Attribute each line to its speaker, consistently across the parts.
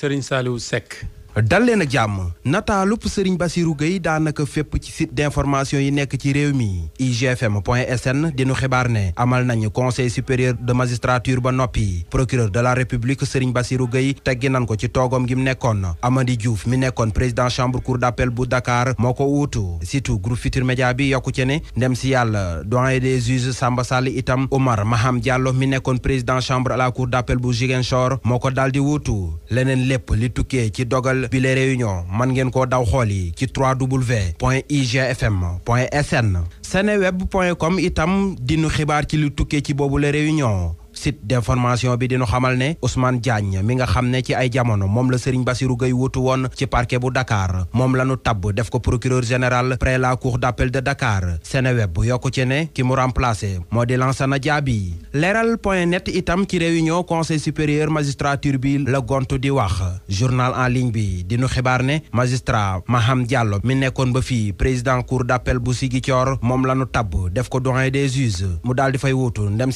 Speaker 1: Serigne Saliou sekk dans leen ak nata sering Serigne Bassirou Gueye danaka ci site d'information yi nek ci rewmi mi di amal nañu conseil supérieur de magistrature ba procureur de la république Serigne Bassirou Gueye teggi Gimnekon ko ci togom gi Diouf mi président chambre cour d'appel bu Dakar moko ko situ groupe futur Médias bi yokku ci ne des Samba itam Omar Maham Diallo mi président chambre à la cour d'appel bu moko moko daldi daal dogal bi les réunions, man ngeen koo daw xool ci 3w point igfm point sn seneweb point com itam dinu xibaar ci lu tukkee ci boobu les réunions site d'information bi xamal ne Ousmane Diagne mi nga xamné ci ay jamono mom la Serigne Bassirou Gueye parquet bu Dakar mom la nu tab procureur général près la cour d'appel de Dakar Seneweb yokku ci né ki mu remplacé moo Lansana Diaby itam ci réunion conseil supérieur magistrature bi le gontu di wax journal en ligne bi magistrat Maham Diallo mi nekkoon ba président cour d'appel bu Thior mom la nu tab def ko doyen des juges mu daldi fay ndem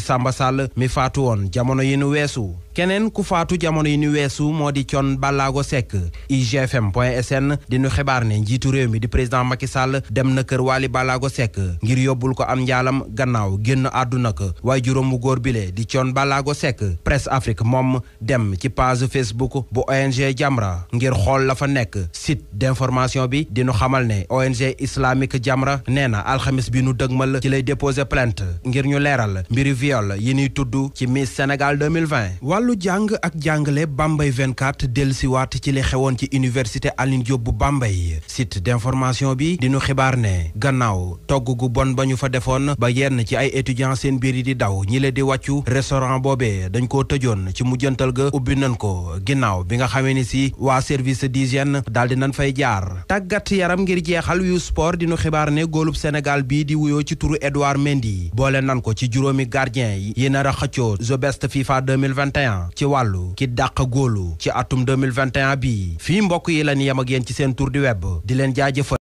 Speaker 1: Samba Sall mi faatu woon jamono yi nu weesu keneen ku faatu jamono yi ñu weesu moo di Thione Ballago Seck IGFM point sn di nu xibaar ne njiitu réew mi di président Macky Sall dem na kër Waly Ballago sekk ngir yóbbul ko am njaalam gannaaw génn àdduna ko waaye juróom góor bile di Thione Ballago sekk Presse Afrique moom dem ci page Facebook bu ONG Jamra ngir xool la fa nekk site d'information bi dinu xamal ne ONG islamique Jamra nee na alxamis bi nu dëgmal ci lay déposer plainte ngir ñu leeral mbir viol yi ñuy tudd ci Miss Sénégal 2020 wàllu jàng ak jàngale Bambey 24 dellusiwaat ci li xewoon ci université Alioune Diop bu site d'information bi dinu xibaar ne gannaaw togg gu bon ba ñu fa defoon ba yenn ci ay étudiants seen biir yi di daw ñi le di wàccu restaurant boobee dañ koo tëjoon ci mujjantal ga ubbi nañ ko ginnaaw bi nga xamee ni si waa service d'hygiène daal di nañ fay jaar tàggat yaram ngir jeexal yu sport dinu xibaar ne góolub Sénégal bii di wuyoo ci turu Edouard Mendy boole nan ko ci juróomi gardien yi a xëccoo The 2021 ci wàllu ki dàq góolu ci atum bi fii mbokk yi lañ yem ci seen tour du web di leen jaajëfal